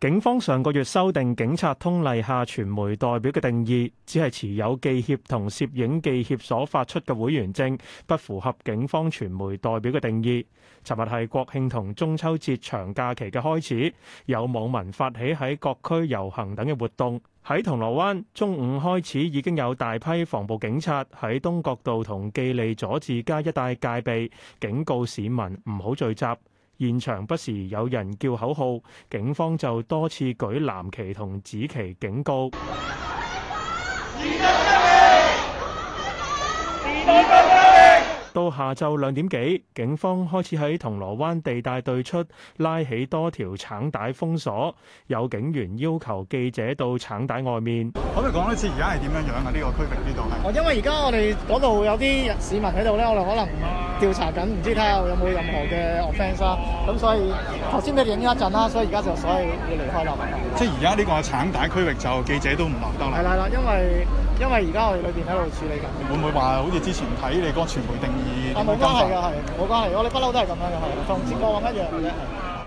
警方上個月修訂警察通例下傳媒代表嘅定義，只係持有記協同攝影記協所發出嘅會員證，不符合警方傳媒代表嘅定義。尋日係國慶同中秋節長假期嘅開始，有網民發起喺各區遊行等嘅活動。喺銅鑼灣，中午開始已經有大批防暴警察喺東角道同記利佐治街一帶戒備，警告市民唔好聚集。現場不時有人叫口號，警方就多次舉藍旗同紫旗警告。 到下晝兩點幾，警方開始喺銅鑼灣地帶對出拉起多條橙帶封鎖，有警員要求記者到橙帶外面。可唔可以講一次而家係點樣樣啊？呢個區域呢度係？哦，因為而家我哋嗰度有啲市民喺度咧，我哋可能調查緊，唔知睇下有冇任何嘅 offense 啦。咁所以頭先俾你影咗一陣啦，所以而家就所以要離開啦。即係而家呢個橙帶區域就記者都唔留得啦。係啦，因為。因為而家我哋裏邊喺度處理緊，會唔會話好似之前睇你嗰個傳媒定義？啊，冇關係嘅，係冇關係，我哋不嬲都係咁樣嘅，同《錢江》一樣嘅啫。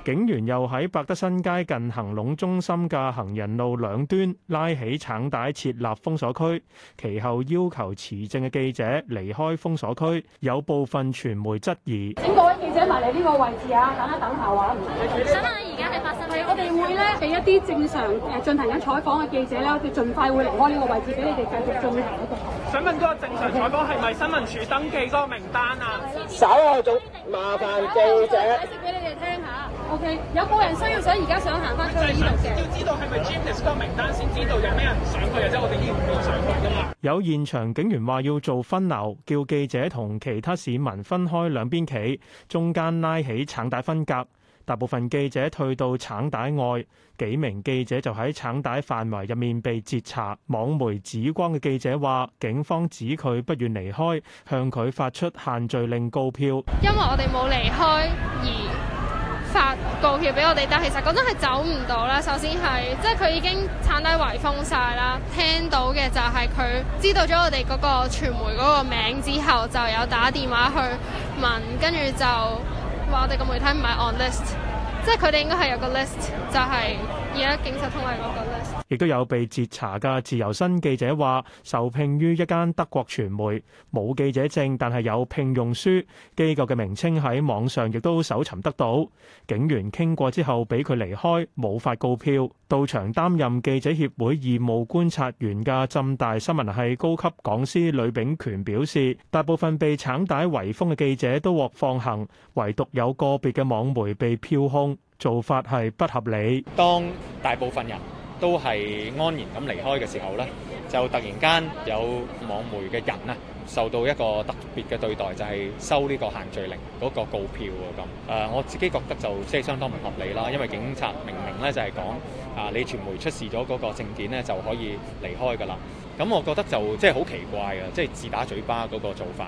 警員又喺百德新街近恆隆中心嘅行人路兩端拉起橙帶，設立封鎖區，其後要求持證嘅記者離開封鎖區。有部分傳媒質疑。請各位記者埋嚟呢個位置啊，等一等下話。新嘅而家係發生。我哋會咧，俾一啲正常誒進行緊採訪嘅記者咧，佢盡快會離開呢個位置，俾你哋繼續進行一個。想問嗰個正常採訪係咪新聞處登記嗰個名單啊？Okay. 稍後總麻煩記者。我解釋俾你哋聽下。OK，有個人需要想而家想行翻出嚟，要要知道係咪 j m e 嗰個名單先，知道有咩人上過，或者我哋依邊有上過噶嘛？有現場警員話要做分流，叫記者同其他市民分開兩邊企，中間拉起橙帶分隔。大部分記者退到橙帶外，幾名記者就喺橙帶範圍入面被截查。網媒紫光嘅記者話：警方指佢不願離開，向佢發出限聚令告票。因為我哋冇離開而發告票俾我哋，但其實嗰陣係走唔到啦。首先係，即係佢已經橙帶圍封晒啦。聽到嘅就係佢知道咗我哋嗰個傳媒嗰個名之後，就有打電話去問，跟住就。話我哋個媒體唔係 on list，即係佢哋應該係有個 list，就係、是。而家警察同我係講，亦都有被截查嘅自由身記者話受聘於一間德國傳媒，冇記者證，但係有聘用書，機構嘅名稱喺網上亦都搜尋得到。警員傾過之後俾佢離開，冇發告票。到場擔任記者協會義務觀察員嘅浸大新聞系高級講師呂炳權表示，大部分被橙帶圍封嘅記者都獲放行，唯獨有個別嘅網媒被票控。做法係不合理。當大部分人都係安然咁離開嘅時候呢就突然間有網媒嘅人啊，受到一個特別嘅對待，就係收呢個限聚令嗰個告票咁。誒，我自己覺得就即係相當唔合理啦，因為警察明明呢就係講啊，你傳媒出示咗嗰個證件呢就可以離開噶啦。咁我覺得就即係好奇怪嘅，即係自打嘴巴嗰個做法。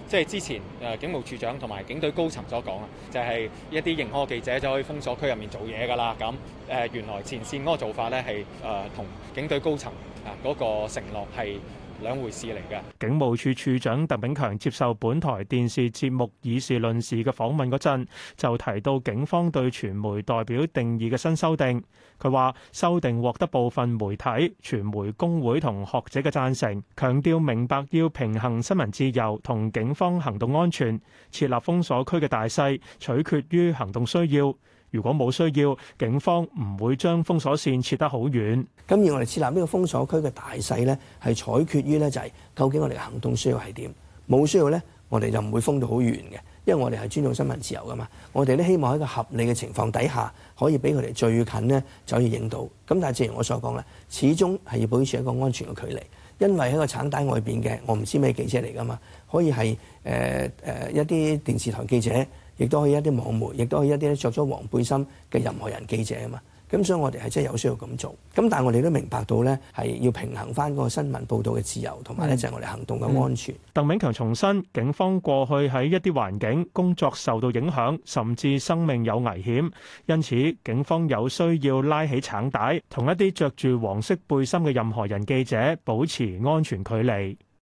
即係之前，誒警務處長同埋警隊高層所講啊，就係一啲認可記者就可以封鎖區入面做嘢噶啦。咁誒，原來前綫嗰個做法咧係誒同警隊高層啊嗰個承諾係兩回事嚟嘅。警務處處長鄧炳強接受本台電視節目《以事論事》嘅訪問嗰陣，就提到警方對傳媒代表定義嘅新修訂。佢話修訂獲得部分媒體、傳媒工會同學者嘅贊成，強調明白要平衡新聞自由同警方行動安全，設立封鎖區嘅大細取決於行動需要。如果冇需要，警方唔會將封鎖線設得好遠。咁而我哋設立呢個封鎖區嘅大細咧，係取決於咧就係究竟我哋嘅行動需要係點。冇需要咧，我哋就唔會封到好遠嘅，因為我哋係尊重新聞自由噶嘛。我哋咧希望喺一個合理嘅情況底下，可以俾佢哋最近咧就可以影到。咁但係正如我所講咧，始終係要保持一個安全嘅距離，因為喺個橙帶外邊嘅，我唔知咩記者嚟噶嘛，可以係誒誒一啲電視台記者。亦都可以一啲網媒，亦都可以一啲咧著咗黃背心嘅任何人記者啊嘛，咁所以我哋係真係有需要咁做。咁但係我哋都明白到咧，係要平衡翻個新聞報導嘅自由，同埋咧就係我哋行動嘅安全。鄧炳強重申，警方過去喺一啲環境工作受到影響，甚至生命有危險，因此警方有需要拉起橙帶，同一啲著住黃色背心嘅任何人記者保持安全距離。